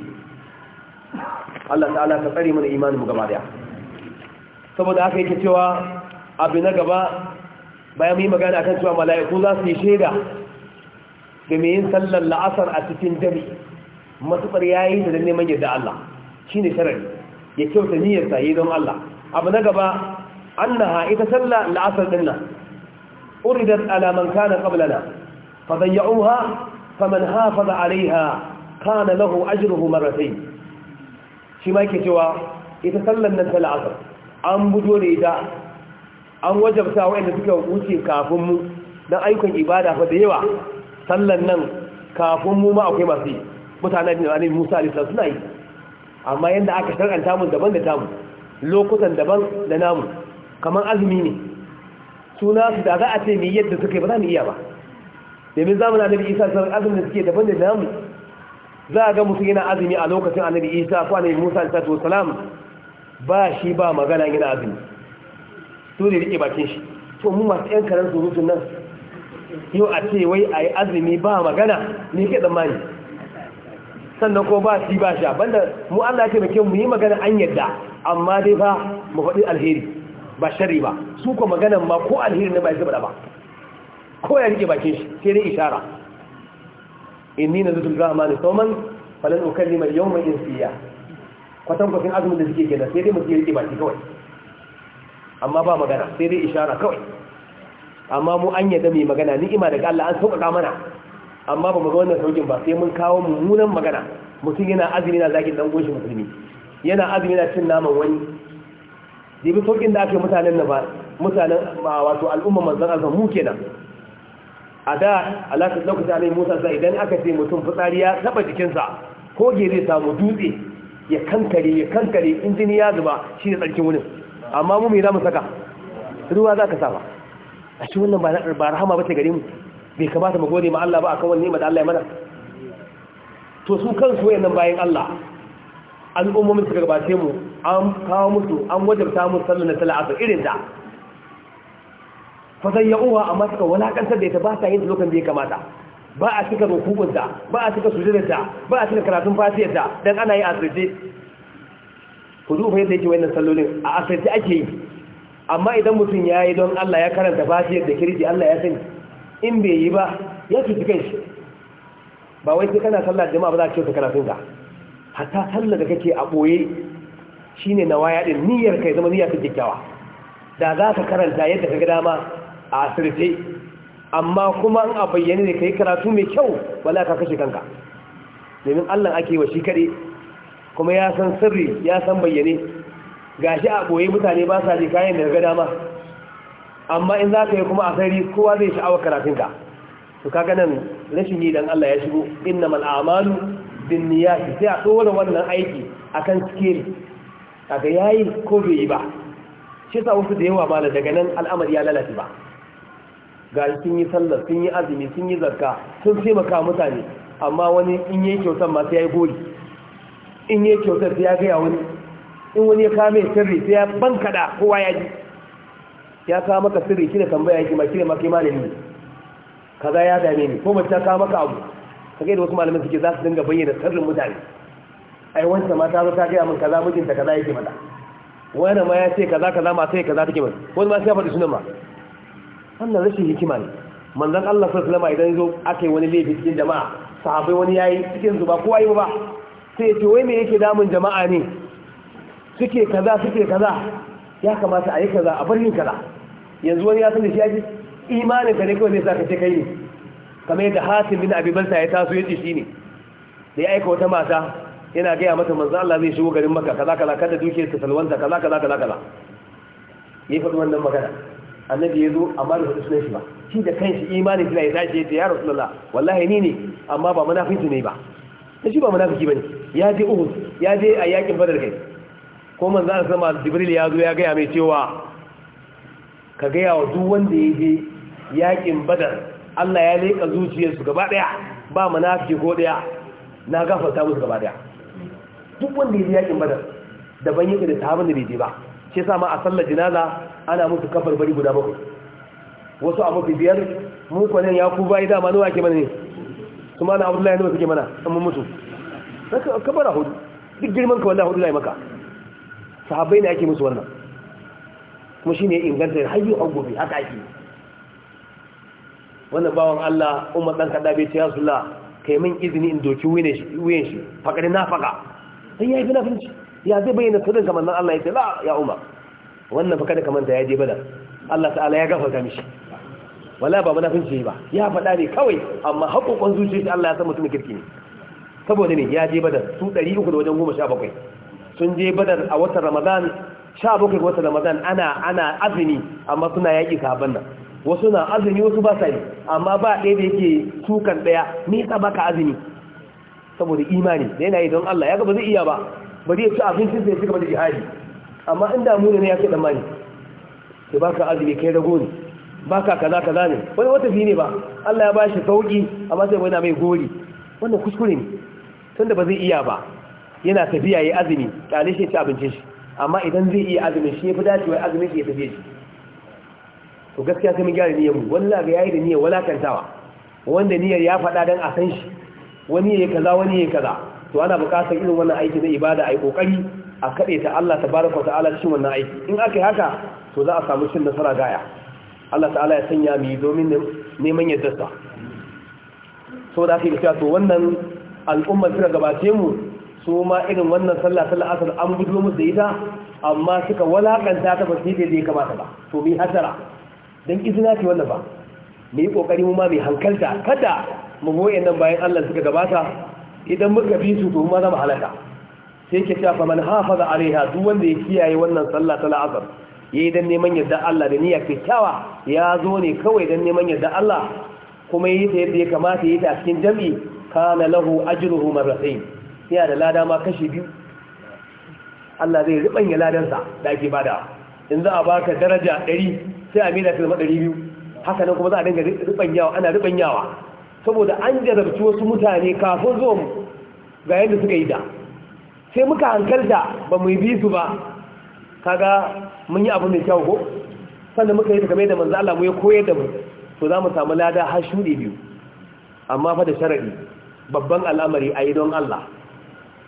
Allah ta'ala ka tsare mana imanin mu gaba ɗaya saboda haka yake cewa abu na gaba bayan yi magana akan cewa mala'iku za su yi shaida da mai yin sallar la'asar a cikin dare matuƙar yayi da neman yadda Allah ne sharari ya kyauta niyyarsa yi don Allah abu na gaba annaha ita sallar la'asar din nan Fa ala man kana qablana fadayyuha faman hafaza alaiha kana lahu ajruhu marasai. shi ma ke cewa ita sallar nan ta la'asar an bujo da ita an wajabta wa'anda suka wuce kafin mu don ayyukan ibada fa da yawa sallan nan kafin mu ma akwai masu mutane da annabi Musa da salam suna yi amma yadda aka shar'anta tamu daban da tamu lokutan daban da namu kamar azumi ne suna su da za a ce ni yadda suka yi ba za mu iya ba domin zamu na nabi Isa sai azumin da suke daban da namu za a ga mutum yana azumi a lokacin annabi Isa kwanayin musa da alaihi salam ba shi ba magana yana azumi su ne rike bakin shi to mu masu yan karen surutun nan yau a ce wai a yi azumi ba magana ne ke tsammani sannan ko ba shi ba sha banda mu Allah ya taimake mu yi magana an yadda amma dai ba mu faɗi alheri ba shari ba su ko maganan ma ko alheri ne ba ya zaba ba ko ya rike bakin shi sai dai ishara In inni nazartu rahmani falin falan ukallima yau mai insiya kwatan kwatan azumin da suke gina sai dai mu rike baki kawai amma ba magana sai dai ishara kawai amma mu an yadda mai magana ni'ima daga Allah an sauƙaƙa mana amma ba mu ga wannan saukin ba sai mun kawo mummunan magana mutum yana azumi na zakin dan goshi musulmi yana azumi na cin naman wani dibi saukin da aka mutanen na ba mutanen wato al'umma manzon Allah mu kenan a da alaƙar lokacin alai musa idan aka ce mutum fitsari ya taba jikinsa ko ge zai samu dutse ya kankare ya kankare injini ya zuba shi ne tsarkin wurin amma mu mai za mu saka ruwa za ka sama a shi wannan ba rahama ba ce gare mu bai kamata mu gode ma Allah ba a akan wannan da Allah ya mana to su kansu wayannan bayan Allah al'ummomin suka gabace mu an kawo musu an wajabta mu sallar na salatu irin da fa sai ya uwa amma suka walakantar da ita ba sa yin lokacin da ya kamata ba a cika rukunta ba a cika sujirinta ba a cika karatun fasiyarta don ana yi asirce ku fa yadda yake wannan sallolin a asirce ake yi amma idan mutum ya yi don Allah ya karanta fasiyar da kirji Allah ya sani in bai yi ba ya su kan shi ba wai sai kana sallar jama'a ba za ka kyauta karatun ka hatta sallar da kake a ɓoye shine na waya ɗin niyyar kai zama niyyar ta kyakkyawa da za ka karanta yadda ka ga dama a asirce amma kuma an a bayyane da yi karatu mai kyau wala ka kashe kanka domin Allah ake wa shi kaɗai kuma ya san sirri ya san bayyane gashi a boye mutane ba sa ji kayan daga dama amma in za ka yi kuma a sarari kowa zai sha'awar karatunka Su kaga nan rashin yi dan Allah ya shigo innamal a'malu binniyati sai a tsoron wannan aiki akan skill kaga yayi ko bai yi ba shi sa wasu da yawa da daga nan al'amari ya lalace ba ga sun yi sallar sun yi azumi sun yi zakka sun taimaka mutane amma wani in yi kyautan masu ya yi goli in yi kyautar ta ya gaya wani in wani ya kame sirri sai ya ban kada kowa ya ji ya kawo maka sirri da tambaya yake ma kina maka malami ne kaza ya dame ni ko mace ta kawo maka abu kage da wasu malaman suke za su dinga bayyana sirrin mutane ai wanda ma ta zo ta gaya min kaza mijinta kaza yake mata wani ma ya ce kaza kaza ma sai kaza take mata wani ma sai ya faɗi sunan ma wannan rashin hikima ne manzon Allah sallallahu alaihi wasallam idan zo aka yi wani laifi cikin jama'a sahabbai wani yayi cikin zuba kowa yi ba sai ce wai me yake damun jama'a ne suke kaza suke kaza ya kamata a yi kaza a bar yin kaza yanzu wani ya san da shi yake imanin ka ne kawai zai sa ka ce kai ne kamar yadda hasin bin abi balta ya taso ya ce shi ne da ya aika wata mata yana gaya mata manzo Allah zai shigo garin maka kaza kaza kada duke ta salwanta kaza kaza kaza kaza yi faɗi wannan magana annabi ya zo amma da sunan shi ba shi da kanshi imanin shi ya tashi ya ce ya rasulullah wallahi ni ne amma ba munafiki ne ba sai shi ba munafiki bane ya je uhud ya je a yakin badar kai ko manzo Allah sama jibril ya zo ya gaya mai cewa ka gaya wa duk wanda ya je yakin badar Allah ya leka zuciyarsu gaba daya ba munafiki ko daya na gafarta musu gaba daya duk wanda ya je yakin badar da ban yi da sahabin da bai je ba shi yasa ma a sallar jinaza ana musu kafar bari guda bakwai wasu a mafi biyar mu kwanan ya ku dama nawa ke mana ne na abu na ne nawa suke mana an mun mutu saka kabara hudu duk girman ka wallahi hudu lai maka sahabbai ne ake musu wannan kuma shi ne inganta yin hayyu an gobe haka ake wannan bawan Allah umar dan kaɗa bai ce ya ka kai min izini in doki wuyen shi wuyen fakari na faka sai ya yi fina finci ya zai bayyana sirrin kamar nan Allah ya ce la ya umar wannan fa kada kamar da ya je bada Allah ta'ala ya gafarta mishi wala ba munafinci ba ya faɗa ne kawai amma haƙoƙon zuciya shi Allah ya san mutumin kirki ne saboda ne ya je badar su 300 da wajen 17 sun je badar a watan ramadan 17 ga watan ramadan ana ana azumi amma suna yaƙi sahabban nan wasu na azumi wasu ba sa yi amma ba ɗaya da yake sukan ɗaya me yasa baka azumi saboda imani da yana yi don Allah ya ga ba zai iya ba ba zai ci abincin sai ya ci gaba da jihadi amma inda mu ne ya ce dan mani ke baka azumi kai rago ne baka kaza kaza ne wani wata fi ne ba Allah ya ba shi sauki amma sai wani mai gori wannan kuskure ne tunda ba zai iya ba yana tafiya yi azumi kale shi ci abincin shi amma idan zai iya azumin shi yafi dacewa azumin shi ya tafiye shi to gaskiya sai mun gyara niyyar mu wani zaga yayi da niyyar walakantawa wanda niyyar ya faɗa dan a san shi wani yayi kaza wani yayi kaza to ana buƙatar irin wannan aiki na ibada ai kokari a kaɗe ta Allah tabaraka wa ta'ala cikin wannan aiki in aka yi haka to za a samu cin nasara gaya Allah ta'ala ya sanya mu domin neman yaddarsa so da ake cewa to wannan al'ummar suka gabace mu su ma irin wannan sallah sallah asar an gudu musu da ita amma suka walakanta ta ba sai da ya kamata ba to mai hasara don izina ce wannan ba mu yi kokari mu ma mai hankalta kada mu goye nan bayan Allah suka gabata idan muka bi su to mu ma mu halaka sai ke cewa man hafaza alaiha duk wanda ya kiyaye wannan sallah sallah asar Ya yi dan neman yadda Allah da niyya kyakkyawa ya zo ne kawai dan neman yadda Allah kuma yi ta yadda ya kamata yi ta cikin jam'i. Ka na lahu ajruhu marasai ya da lada ma kashi biyu Allah zai ya ladansa da ake bada in za a baka daraja ɗari sai a mila ka ɗari biyu. haka nan kuma za a dinga yawa. ana yawa. saboda an jarabci wasu mutane kafin zuwa ga yadda suka yi da sai muka hankalta ba mu yi bi su ba kaga mun yi abu mai kyau ko sannan muka yi ta kamar da manzo Allah mu ya koyar da mu to za mu samu lada har shuɗe biyu amma fa da sharadi babban al'amari a yi don Allah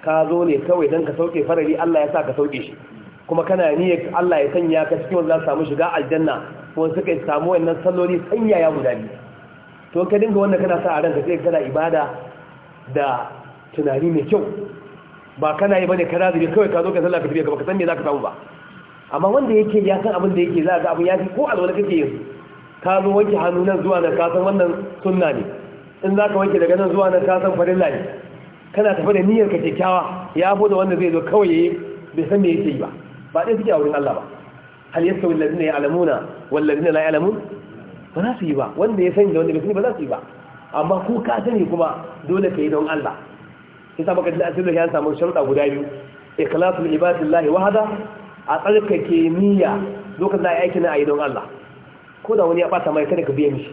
ka zo ne kawai don ka sauke farari Allah ya sa ka sauke shi kuma kana niyyar Allah ya sanya ka cikin wanda za samu shiga aljanna kuma suka samu wannan salloli sanya ya guda biyu to ka dinga wanda kana sa a ranka sai kana ibada da tunani mai kyau ba kana yi bane ka razire kawai ka zo ka sallah ka tafi ka baka san me zaka samu ba amma wanda yake ya san abin da yake za ga abin ya fi ko alwala kake yin ka zo wanke hannu nan zuwa nan ka san wannan sunna ne in za ka wanke daga nan zuwa nan ka san farilla ne kana tafi da niyyar ka kyakkyawa ya fi da wanda zai zo kawai bai san me yake yi ba ba ɗaya suke a wurin Allah ba hal yasawi alladhina ya'lamuna wal ladina la ya'lamun ba za su yi ba wanda ya sani da wanda bai sani ba za su yi ba amma ko ka sani kuma dole ka yi don Allah sai sa baka da asirin ya samu sharuɗa guda biyu ikhlasul ibadillahi wahada a tsarkake niyya lokacin da aiki na ayi don Allah ko da wani ya bata mai kada ka biya mishi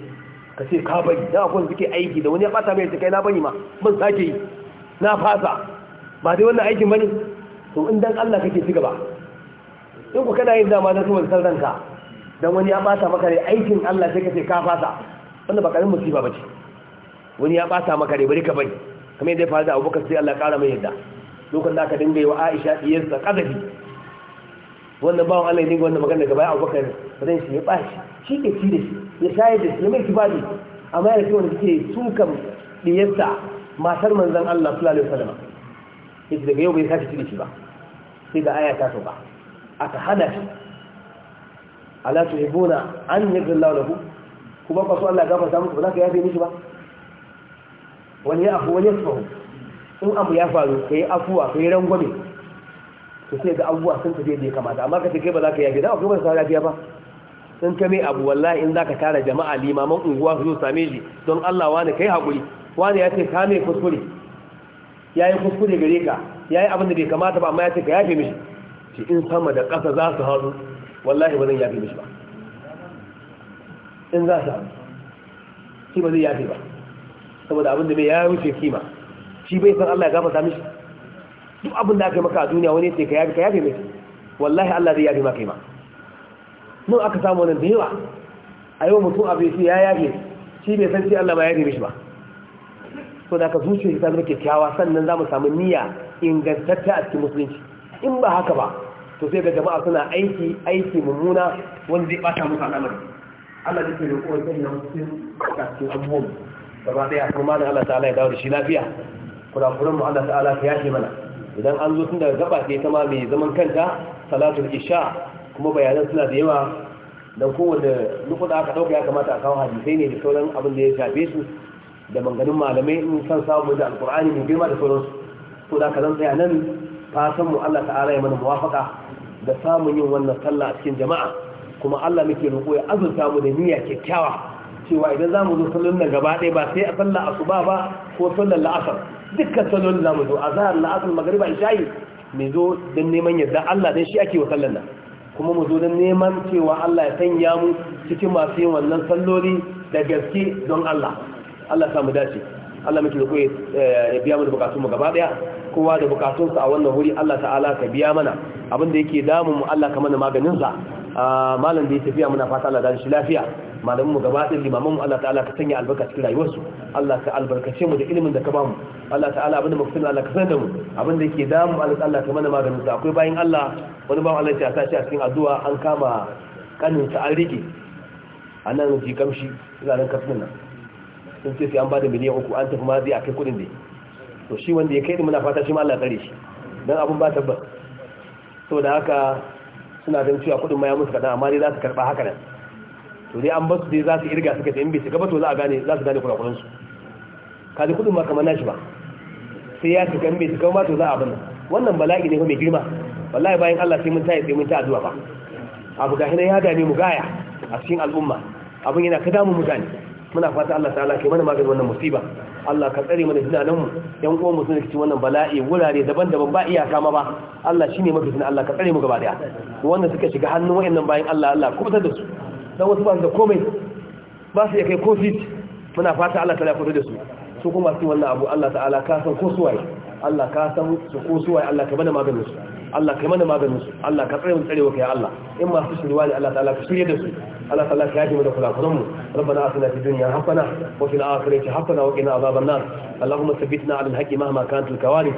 ka ce ka bari da akwai suke aiki da wani ya bata mai kai na bari ma ban sake yi na fasa ba dai wannan aikin bani to in dan Allah kake ci gaba in ku kana yin dama na tuwon san ranka dan wani ya bata maka ne aikin Allah sai ka ce ka fasa wanda ba karin musiba bace wani ya bata maka ne bari ka bari kamar yadda ya faru da Abubakar sai Allah ya kara mai yadda lokacin da aka dinga yi wa Aisha diyarsa kazafi wannan bawan Allah ne wannan magana daga bayan abubakar ran shi ya bashi shi ke ci da shi ya shayar da shi ya mai kibali amma yana cewa da suke sukan ɗiyarsa matar manzan Allah sallallahu alaihi wasallam yace daga yau bai sake ci da shi ba sai da aya ta sauka aka hada shi ala bona an yaghfir ku. kuma ba su Allah gafarta muku ba za ka yafe mishi ba wani ya afu wani ya in abu ya faru ka yi afuwa ka yi rangwame ka sai ga abubuwa sun tafiye da ya kamata amma ka kai ba za ka yafi da akwai marasa lafiya ba sun ka mai abu wallahi in za ka tara jama'a limaman unguwa su zo same shi don Allah wani kai haƙuri wani ya ce ka mai kuskure ya yi kuskure gare ka ya yi abin da bai kamata ba amma ya ce ka yafe mishi shi in sama da ƙasa za su haɗu wallahi ba zan yafe mishi ba in za su haɗu shi ba zai yafe ba saboda abin da mai ya wuce kima shi bai san Allah ya gafarta mishi duk abin da aka yi maka a duniya wani sai ka yafi ka yafi mai wallahi Allah zai yafi maka yi ma nun aka samu wannan da yawa a yau mutum abin shi ya yafi shi bai san sai Allah ba yafi mishi ba so da ka zuciya ta zama kyakkyawa sannan za mu samu niyya ingantacce a cikin musulunci in ba haka ba to sai ga jama'a suna aiki aiki mummuna wanda zai bata musu al'amari Allah zai ke roƙo sai ya mutum a cikin abubuwan gaba ɗaya kuma da Allah ta'ala ya dawo da shi lafiya kurakuran mu Allah ta'ala ta yafe mana idan an zo tun daga gaba ce ta ma mai zaman kanta salatul isha kuma bayanan suna da yawa don kowane nukuda aka ɗauka ya kamata a kawo hadisai ne da sauran abin da ya shafe su da manganin malamai in san samu da alkur'ani mai girma da sauransu to da ka zan tsaya nan san mu Allah ta'ala ya mana muwafaka da samun yin wannan sallah a cikin jama'a kuma Allah muke roƙo ya azurta mu da niyya kyakkyawa cewa idan za mu zo salon na gaba ɗaya ba sai a sallar asuba ba ko sallar la'asar dukkan salon za mu zo a zahar la'asar magariba in shayi mai zo don neman yadda Allah don shi ake wa sallar nan kuma mu zo don neman cewa Allah ya sanya mu cikin masu yin wannan salloli da gaske don Allah Allah samu dace Allah muke roƙo ya eh, biya mana bukatun mu gaba daya kowa da bukatunsa a wannan wuri Allah ta'ala ka biya mana abin da yake damun mu Allah ka mana maganin sa ah, malam da ya tafiya muna fata Allah da shi lafiya malamin mu gaba daya limamin mu Allah ta'ala ka sanya albarka cikin su Allah ka albarkace mu da ilimin da ka bamu Allah ta'ala abinda muka sani Allah ka sanar da mu abin da yake damu Allah ta'ala ka mana maganin sa akwai bayan Allah wani bawan Allah ya sa shi a cikin addu'a an kama kanin ta an rike anan ji kamshi ina nan kafin nan sun ce sai an bada miliyan uku an tafi ma zai a kai kudin da to shi wanda ya kai muna fata shi ma Allah tsare shi dan abun ba tabbas to da haka suna dan cewa kudin ma ya musu kadan amma dai za su karba haka nan to dai an su dai za su irga suka ce in bai shiga ba to za a gane za su gane kurakuran su kaji kudin ma kamar nashi ba sai ya shiga in bai shiga ba to za a bana wannan bala'i ne fa mai girma wallahi bayan Allah sai mun tayi sai mun ta addu'a ba abu ga hina ya gane mu gaya a cikin al'umma abin yana ka damu mutane muna fata Allah ta'ala ke mana maganin wannan musiba Allah ka tsare mana tunanin mu yan uwan mu sun wannan bala'i wurare daban-daban ba iya kama ba Allah shine mafitin Allah ka tsare mu gaba daya wanda suka shiga hannun wayannan bayan Allah Allah kubutar da su dan wasu ba su da komai ba su iya kai ko fit muna fata Allah ta'ala kubutar da su su kuma su wannan abu Allah ta'ala ka san ko suwaye Allah ka san su ko suwaye Allah ka bada maganin su Allah kai mana maganin su Allah ka tsare mu tsare kai Allah in ma su shirwa ne Allah ta'ala ka shirye da su Allah ta'ala ka yaji mu da kulakuran mu duniyar آتنا في الدنيا حسنة وفي الآخرة azaban وقنا عذاب النار اللهم al على الحق مهما كانت الكوارث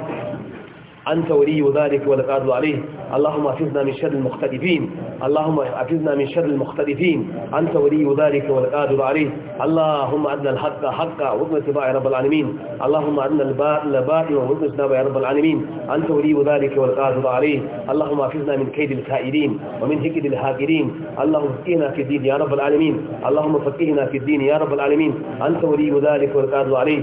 أنت ولي ذلك والقادر عليه اللهم أفزنا من شر المختلفين اللهم أفزنا من شر المختلفين أنت ولي ذلك والقادر عليه اللهم أدنا الحق حقا وابن اتباع رب العالمين اللهم أدنا الباطل باطلا وابن اتباع رب العالمين أنت ولي ذلك والقادر عليه اللهم أفزنا من كيد الكائدين ومن هكد الهاجرين اللهم فكينا في الدين يا رب العالمين اللهم فكينا في الدين يا رب العالمين أنت ولي ذلك والقادر عليه